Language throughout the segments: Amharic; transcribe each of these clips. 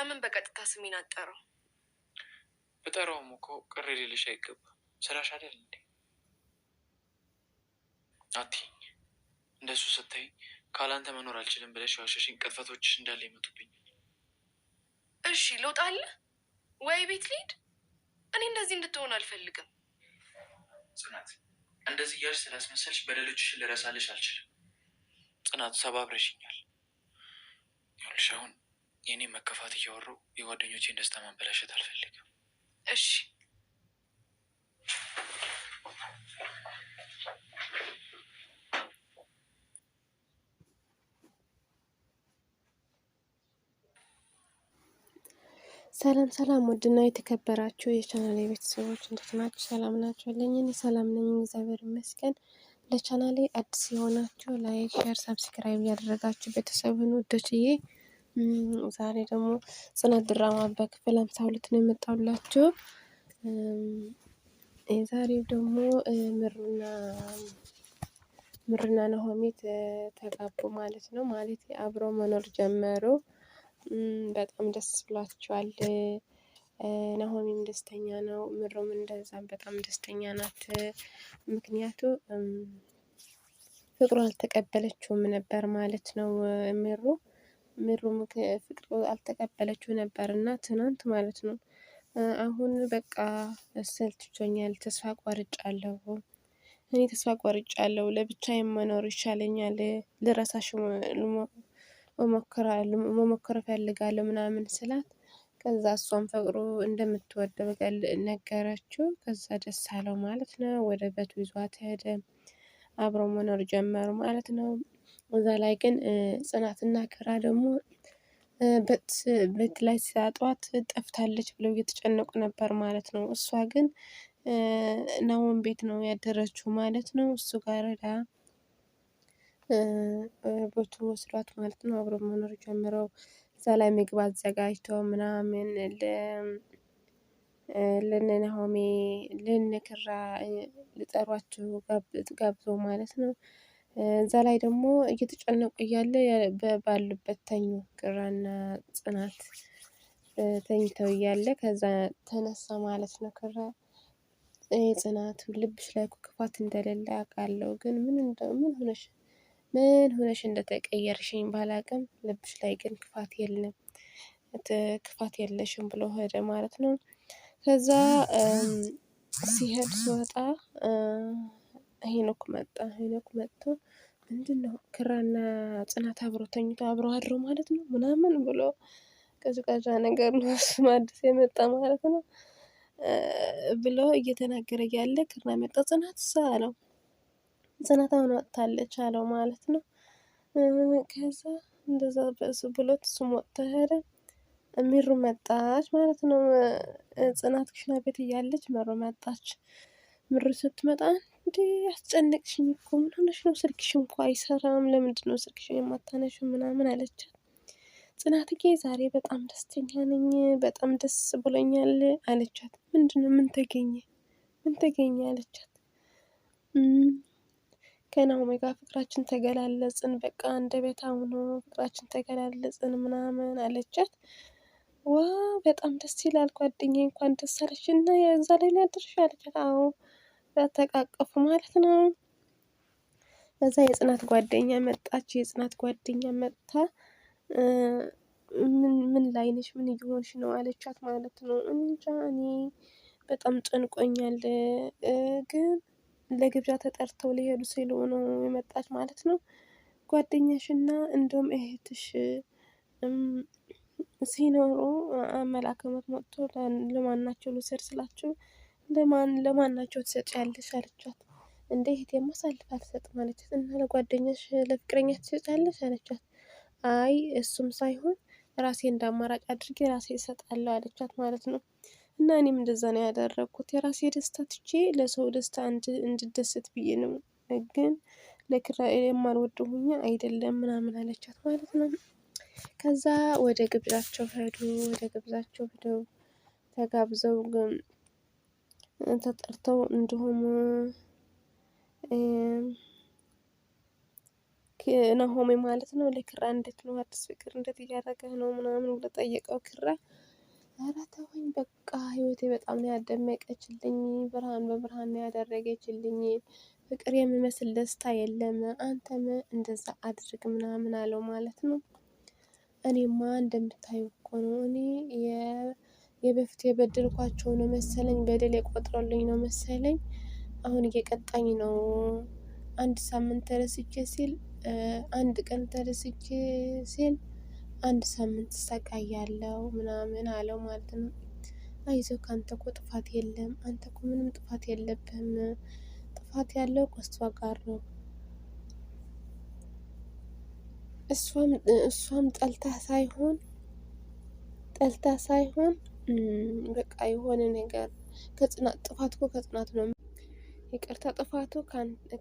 ለምን በቀጥታ ስሜን አጠራው? በጠራውም እኮ ቅር ሊልሽ አይገባም። ስራሽ አይደል እንዴ? አትይኝ። እንደሱ ስታይ ካላንተ መኖር አልችልም ብለሽ ዋሸሽኝ። ቅጥፈቶችሽ እንዳለ ይመጡብኝ። እሺ ልውጣ ወይ ቤት ልሂድ? እኔ እንደዚህ እንድትሆን አልፈልግም። ጽናት እንደዚህ እያልሽ ስላስመሰልሽ በደሎችሽን ልረሳልሽ አልችልም። ጽናቱ ሰባብረሽኛል። ይኸውልሽ አሁን የኔ መከፋት እያወሩ የጓደኞቼን ደስታ ማበላሸት አልፈልግም። እሺ ሰላም ሰላም፣ ውድና የተከበራችሁ የቻናሌ ቤተሰቦች እንዴት ናችሁ? ሰላም ናችሁልኝ? እኔ ሰላም ነኝ፣ እግዚአብሔር ይመስገን። ለቻናሌ አዲስ የሆናችሁ ላይክ፣ ሼር፣ ሰብስክራይብ ያደረጋችሁ ቤተሰብን ውዶችዬ ዛሬ ደግሞ ጽናት ድራማ በክፍል ሃምሳ ሁለት ነው የመጣሁላችሁ። የዛሬው ደግሞ ምሩና ምሩና ናሆሜት ተጋቡ ማለት ነው። ማለት አብሮ መኖር ጀመሩ። በጣም ደስ ብሏቸዋል። ናሆሜም ደስተኛ ነው፣ ምሩም እንደዛም በጣም ደስተኛ ናት። ምክንያቱ ፍቅሩ አልተቀበለችውም ነበር ማለት ነው ምሩ ምሩም ፍቅር አልተቀበለችው ነበር እና ትናንት ማለት ነው። አሁን በቃ ሰልችቶኛል፣ ተስፋ ቆርጫለሁ፣ እኔ ተስፋ ቆርጫለሁ፣ ለብቻ መኖር ይሻለኛል፣ ልረሳሽ መሞከር እፈልጋለሁ ምናምን ስላት ከዛ እሷም ፈቅሮ እንደምትወደው ነገረችው። ከዛ ደስ አለው ማለት ነው። ወደ ቤቱ ይዟት ሄደ። አብረው መኖር ጀመሩ ማለት ነው። እዛ ላይ ግን ጽናትና ክራ ደግሞ ቤት ላይ ሲያጧት ጠፍታለች ብለው እየተጨነቁ ነበር ማለት ነው። እሷ ግን ናሆም ቤት ነው ያደረችው ማለት ነው። እሱ ጋር ዳ ቦቱ ወስዷት ማለት ነው። አብሮ መኖር ጀምረው እዛ ላይ ምግብ አዘጋጅተው ምናምን ለነ ናሆሜ ለነ ክራ ሊጠሯቸው ጋብዞ ማለት ነው። እዛ ላይ ደግሞ እየተጨነቁ እያለ ባሉበት ተኙ። ክራና ጽናት ተኝተው እያለ ከዛ ተነሳ ማለት ነው። ክራ ጽናቱ ልብሽ ላይ ክፋት እንደሌለ አውቃለሁ፣ ግን ምን ሆነሽ ምን ሆነሽ እንደተቀየርሽኝ ባላቅም ልብሽ ላይ ግን ክፋት የለም ክፋት የለሽም ብሎ ሄደ ማለት ነው። ከዛ ሲሄድ ሲወጣ ሄኖክ መጣ። ሄኖክ መጥቶ ምንድን ነው ክራና ጽናት አብሮ ተኝቶ አብሮ አድሮ ማለት ነው ምናምን ብሎ ቀዝቃዛ ነገር ነው እሱም አዲስ የመጣ ማለት ነው ብሎ እየተናገረ ያለ ክራ መጣ። ጽናት ሳ አለው ጽናት አሁን ወጥታለች አለው ማለት ነው። ከዛ እንደዛ በእሱ ብሎት እሱም ወጥቶ ሄደ። ሚሩ መጣች ማለት ነው። ጽናት ክሽና ቤት እያለች ምሩ መጣች። ምሩ ስትመጣ እንዴ አስጨነቅሽኝ እኮ ምን ሆነሽ ነው? ስልክሽ እንኳ አይሰራም። ለምንድን ነው ስልክሽን የማታነሽው? ምናምን አለቻት። ጽናትጌ ዛሬ በጣም ደስተኛ ነኝ፣ በጣም ደስ ብሎኛል አለቻት። ምንድን ነው ምን ተገኘ? ምን ተገኘ አለቻት። ከናሆሜ ጋር ፍቅራችን ተገላለጽን፣ በቃ እንደ ቤታ ሆኖ ፍቅራችን ተገላለጽን ምናምን አለቻት። ዋ በጣም ደስ ይላል ጓደኛ፣ እንኳን ደስ አለሽ እና የዛ ላይ ያደርሽ አለቻት። አዎ ተቃቀፉ ማለት ነው። ከዛ የጽናት ጓደኛ መጣች። የጽናት ጓደኛ መጥታ ምን ላይ ነሽ? ምን እየሆንሽ ነው? አለቻት ማለት ነው። እንጃ እኔ በጣም ጨንቆኛል፣ ግን ለግብዣ ተጠርተው ሊሄዱ ሲሉ ነው የመጣች ማለት ነው። ጓደኛሽና እንደውም እህትሽ ሲኖሩ አመላከመት መጥቶ ለማናቸው ልውሰድ ስላችሁ ለማን ለማን ለማናቸው ትሰጪያለሽ አለቻት። እንዴ እህቴማ አሳልፍ አልሰጥም አለቻት። እና ለጓደኛሽ ለፍቅረኛ ትሰጫለሽ አለቻት። አይ እሱም ሳይሆን ራሴ እንዳማራጭ አድርጌ ራሴ እሰጣለሁ አለቻት ማለት ነው። እና እኔም እንደዛ ነው ያደረግኩት። የራሴ ደስታ ትቼ ለሰው ደስታ እንድደሰት ብዬ ነው፣ ግን ለክራ የማልወደው ሁኛ አይደለም ምናምን አለቻት ማለት ነው። ከዛ ወደ ግብዣቸው ሄዱ። ወደ ግብዣቸው ሄደው ተጋብዘው ተጠርተው እንዲሁም ናሆሜ ማለት ነው ለክራ እንዴት ነው አዲስ ፍቅር እንዴት እያደረገ ነው ምናምን ብሎ ጠየቀው። ክራ ኧረ ተወኝ በቃ ህይወቴ በጣም ነው ያደመቀችልኝ፣ ብርሃን በብርሃን ነው ያደረገችልኝ፣ ፍቅር የሚመስል ደስታ የለም፣ አንተም እንደዛ አድርግ ምናምን አለው ማለት ነው። እኔማ እንደምታየው እኮ ነው እኔ የበፊት የበደልኳቸው ነው መሰለኝ በደል የቆጥረልኝ ነው መሰለኝ አሁን እየቀጣኝ ነው። አንድ ሳምንት ተረስቼ ሲል አንድ ቀን ተረስቼ ሲል አንድ ሳምንት ሰቃያለው ምናምን አለው ማለት ነው። አይዞህ ከአንተ እኮ ጥፋት የለም፣ አንተ እኮ ምንም ጥፋት የለብህም። ጥፋት ያለው ከእሷ ጋር ነው። እሷም ጠልታ ሳይሆን ጠልታ ሳይሆን በቃ የሆነ ነገር ከጽናት ጥፋት እኮ ከጽናት ነው ይቅርታ ጥፋቱ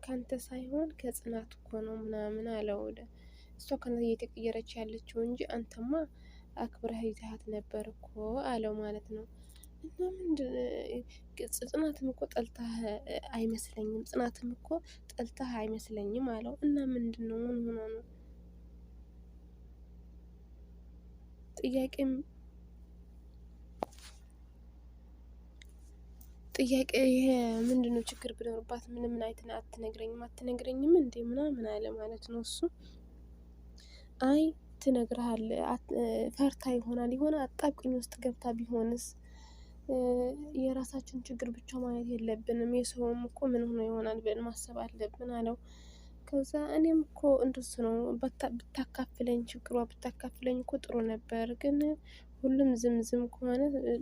ካንተ ሳይሆን ከጽናት እኮ ነው ምናምን አለው። እሷ ከነ እየተቀየረች ያለችው እንጂ አንተማ አክብረህ ይዛሃት ነበር እኮ አለው ማለት ነው። እና ምንድን ጽናትም እኮ ጠልታህ አይመስለኝም፣ ጽናትም እኮ ጠልታህ አይመስለኝም አለው። እና ምንድን ነው ምን ሆኖ ነው ጥያቄም ጥያቄ ይሄ ምንድነው ችግር ብኖርባት ምንም አይትና አትነግረኝም አትነግረኝም እንዴ ምናምን አለ ማለት ነው እሱ አይ ትነግርሃል ፈርታ ይሆናል የሆነ አጣብቅኝ ውስጥ ገብታ ቢሆንስ የራሳችን ችግር ብቻ ማለት የለብንም የሰውም እኮ ምን ሆኖ ይሆናል ብለን ማሰብ አለብን አለው ከዛ እኔም እኮ እንደሱ ነው ብታካፍለኝ ችግሯ ብታካፍለኝ እኮ ጥሩ ነበር ግን ሁሉም ዝምዝም ከሆነ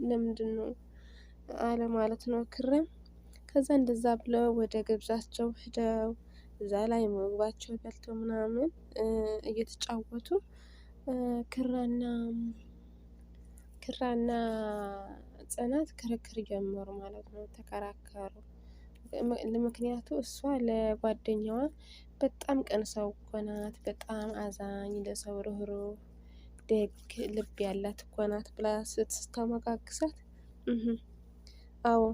ለምንድን ነው አለ ማለት ነው ክረም። ከዛ እንደዛ ብለው ወደ ግብዣቸው ሂደው እዛ ላይ ምግባቸው በልቶ ምናምን እየተጫወቱ ክራና ክራና ጽናት ክርክር ጀመሩ ማለት ነው። ተከራከሩ። ምክንያቱ እሷ ለጓደኛዋ በጣም ቀን ሰው እኮ ናት፣ በጣም አዛኝ፣ ለሰው ርህሩህ፣ ደግ ልብ ያላት እኮ ናት ብላ ስትስተመጋግሳት አዎ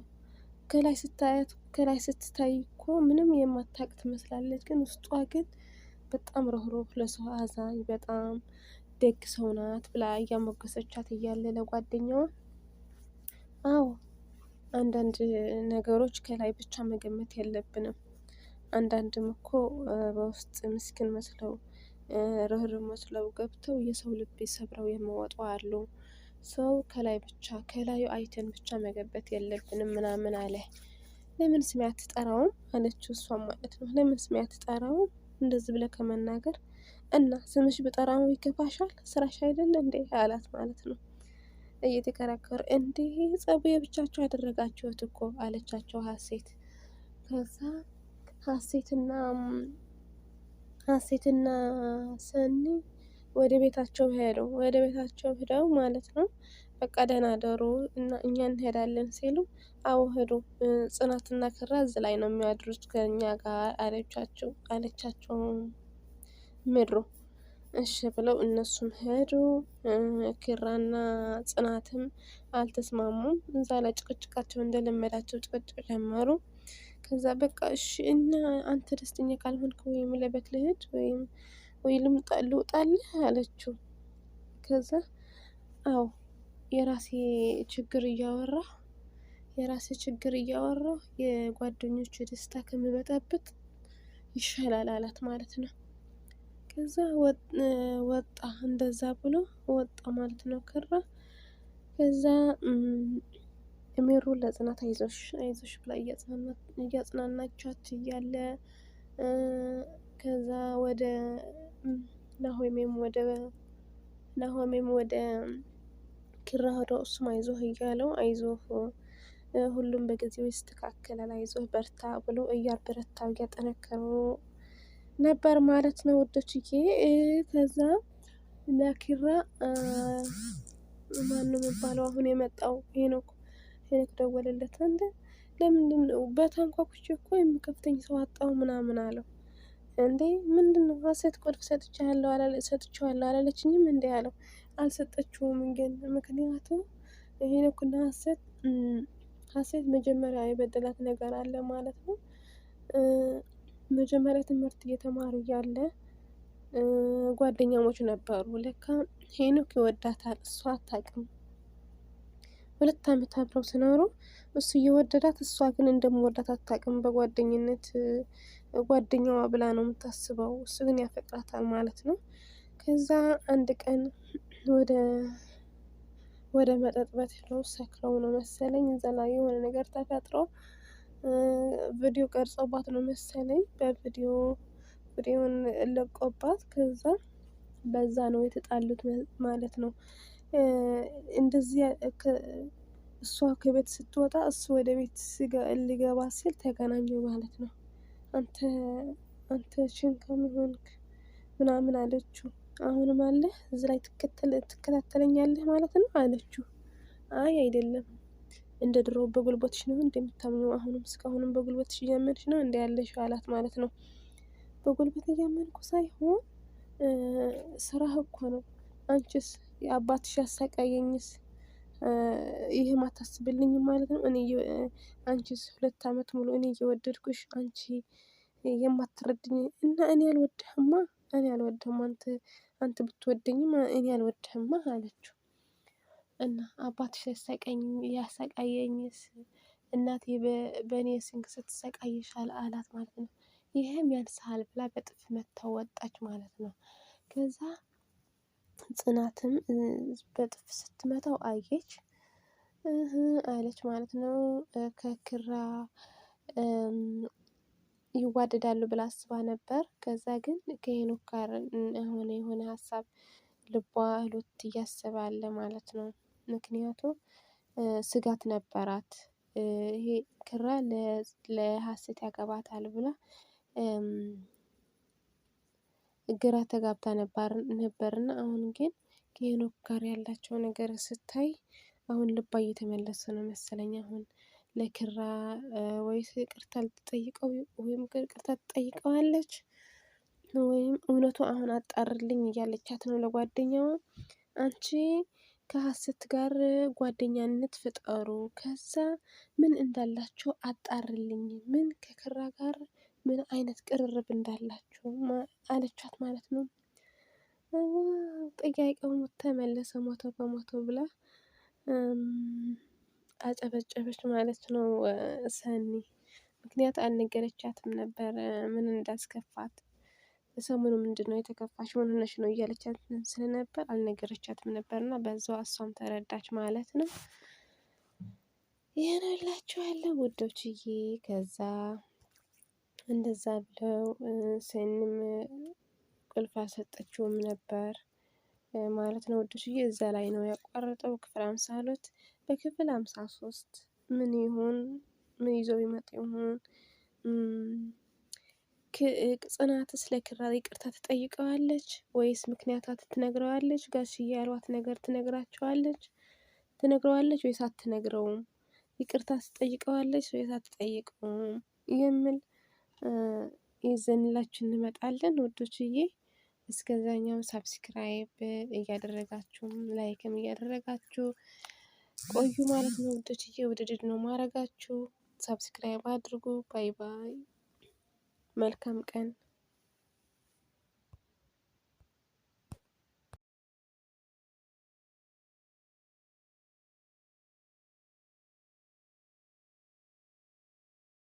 ከላይ ስታያት ከላይ ስትታይ እኮ ምንም የማታቅ ትመስላለች፣ ግን ውስጧ ግን በጣም ርኅሩኅ ለሰው አዛኝ በጣም ደግ ሰው ናት ብላ እያሞገሰቻት እያለ ለጓደኛዋ አዎ አንዳንድ ነገሮች ከላይ ብቻ መገመት የለብንም። አንዳንድም እኮ በውስጥ ምስኪን መስለው ርህር መስለው ገብተው የሰው ልብ ሰብረው የመወጡ አሉ። ሰው ከላይ ብቻ ከላዩ አይተን ብቻ መገበት የለብንም ምናምን አለ። ለምን ስሜ አትጠራውም አለችው፣ እሷ ማለት ነው። ለምን ስሜ አትጠራውም እንደዚህ ብለህ ከመናገር እና ስምሽ ብጠራው ይከፋሻል፣ ስራሽ አይደለ እንዴ አላት ማለት ነው። እየተከራከሩ እንዴ ጸቡ የብቻቸው ያደረጋችሁት እኮ አለቻቸው ሀሴት። ከዛ ሀሴትና ሀሴትና ሰኒ ወደ ቤታቸው ሄዱ። ወደ ቤታቸው ሄደው ማለት ነው በቃ ደህና ደሩ እና እኛ እንሄዳለን ሲሉ አዎ ሄዱ። ጽናትና ክራ እዚ ላይ ነው የሚያድሩት ከእኛ ጋር አለቻቸው አለቻቸው ምድሩ። እሺ ብለው እነሱም ሄዱ። ኪራና ጽናትም አልተስማሙም። እዛ ላይ ጭቅጭቃቸው እንደለመዳቸው ጭቅጭቅ ጀመሩ። ከዛ በቃ እሺ እና አንተ ደስተኛ ካልሆንክ ወይም ለቤት ልሂድ ወይም ወይ ልውጣልህ አለችው። ከዛ አዎ የራሴ ችግር እያወራ የራሴ ችግር እያወራ የጓደኞቹ ደስታ ከምበጠብጥ ይሻላል አላት ማለት ነው። ከዛ ወጣ እንደዛ ብሎ ወጣ ማለት ነው ከራ ከዛ እሜሩ ለጽናት አይዞሽ አይዞሽ ብላ እያጽናናቻት እያለ ከዛ ወደ ናሆሜም ወደ ናሆሜም ወደ ኪራ ሄዶ እሱም አይዞህ እያለው አይዞህ ሁሉም በጊዜው ይስተካከላል፣ አይዞህ በርታ ብሎ እያበረታው እያጠነከረው ነበር ማለት ነው ውዶችዬ። ከዛ ለኪራ ማን ነው የሚባለው አሁን የመጣው ሄኖክ ሄኖክ ደወለለት። እንደ ለምንድን ነው በታንኳኩቼ እኮ የሚከፍተኝ ሰው አጣው ምናምን አለው። እንዴ ምንድን ነው ሀሴት ቁልፍ ሰጥቻለሁ ሰጥቼዋለሁ አላለችኝም እንዴ አለው። አልሰጠችውም ግን ምክንያቱም ይሄን እኮና ሀሴት ሀሴት መጀመሪያ የበደላት ነገር አለ ማለት ነው። መጀመሪያ ትምህርት እየተማሩ እያለ ጓደኛሞች ነበሩ። ለካ ሄኖክ ይወዳታል፣ እሷ አታውቅም። ሁለት ዓመት አብረው ሲኖሩ እሱ እየወደዳት፣ እሷ ግን እንደምወዳት አታውቅም። በጓደኝነት ጓደኛዋ ብላ ነው የምታስበው። እሱ ግን ያፈቅራታል ማለት ነው። ከዛ አንድ ቀን ወደ ወደ መጠጥ ቤት ሄደው ሰክረው ነው መሰለኝ እዛ ላይ የሆነ ነገር ተፈጥሮ ቪዲዮ ቀርጾባት ነው መሰለኝ በቪዲዮ ቪዲዮን ለቆባት ከዛ በዛ ነው የተጣሉት ማለት ነው። እንደዚህ እሷ ከቤት ስትወጣ እሱ ወደ ቤት ሊገባ ሲል ተገናኙ ማለት ነው። አንተ አንተ ሆንክ ምናምን አለችው። አሁንም አለ እዚህ ላይ ትከታተለኛለህ ማለት ነው አለችው። አይ አይደለም፣ እንደ ድሮ በጉልበትሽ ነው እንደምታምኑ አሁንም እስካሁንም በጉልበትሽ እያመንሽ ነው እንደ ያለሽ አላት ማለት ነው። በጉልበት እያመንኩ ሳይሆን ስራህ እኮ ነው። አንቺስ የአባትሽ ያሳቃየኝስ ይህም ማታስብልኝ ማለት ነው። እኔ አንቺ ሁለት አመት ሙሉ እኔ እየወደድኩሽ አንቺ የማትረድኝ እና እኔ አልወድህማ እኔ አልወድህማ አንተ አንተ ብትወደኝም እኔ አልወድህማ አለችው። እና አባትሽ ያሳቀኝ ያሳቃየኝስ እናቴ በእኔ ስንክ ስትሰቃይሻል አላት ማለት ነው። ይህም ያንስሃል ብላ በጥፍ ወጣች ማለት ነው ከዛ ጽናትም በጥፍ ስትመታው አየች አለች ማለት ነው። ከክራ ይዋደዳሉ ብላ አስባ ነበር። ከዛ ግን ከሄኖክ ጋር የሆነ የሆነ ሀሳብ ልቧ ሎት እያስባለ ማለት ነው። ምክንያቱም ስጋት ነበራት። ይሄ ክራ ለሀሴት ያገባታል ብላ ግራ ተጋብታ ነበርና አሁን ግን ከሄኖክ ጋር ያላቸው ነገር ስታይ አሁን ልባ እየተመለሰ ነው መሰለኝ። አሁን ለክራ ወይስ ይቅርታ ልትጠይቀው ወይም ቅርታ ትጠይቀዋለች ወይም እውነቱ አሁን አጣርልኝ እያለቻት ነው ለጓደኛዋ። አንቺ ከሀሰት ጋር ጓደኛነት ፍጠሩ፣ ከዛ ምን እንዳላችሁ አጣርልኝ፣ ምን ከክራ ጋር ምን አይነት ቅርርብ እንዳላችሁ አለቻት ማለት ነው። ጥያቄው ተመለሰ ሞቶ በሞቶ ብላ አጨበጨበች ማለት ነው ሰኒ። ምክንያት አልነገረቻትም ነበር ምን እንዳስከፋት ሰሞኑ ምንድን ነው የተከፋች ምን ሆነሽ ነው እያለቻት ስለነበር አልነገረቻትም ነበር እና በዛው እሷም ተረዳች ማለት ነው። ይህን እላችኋለሁ ውዶችዬ ከዛ እንደዛ ብለው ሰኒም ቁልፍ አልሰጠችውም ነበር ማለት ነው። ውዱሽዬ እዛ ላይ ነው ያቋረጠው። ክፍል አምሳ ሁለት በክፍል አምሳ ሶስት ምን ይሁን ምን ይዘው ይመጡ ይሁን? ስለ ክራር ይቅርታ ትጠይቀዋለች ወይስ ምክንያታት ትነግረዋለች? ጋሽዬ ያሏት ነገር ትነግራቸዋለች ትነግረዋለች ወይስ አትነግረውም? ይቅርታ ትጠይቀዋለች ወይስ አትጠይቀውም የሚል ይዘንላችሁ እንመጣለን ውዶችዬ። እስከዛኛው ሳብስክራይብ እያደረጋችሁም ላይክም እያደረጋችሁ ቆዩ ማለት ነው ውዶችዬ። ውድድድ ነው ማረጋችሁ። ሳብስክራይብ አድርጉ። ባይ ባይ። መልካም ቀን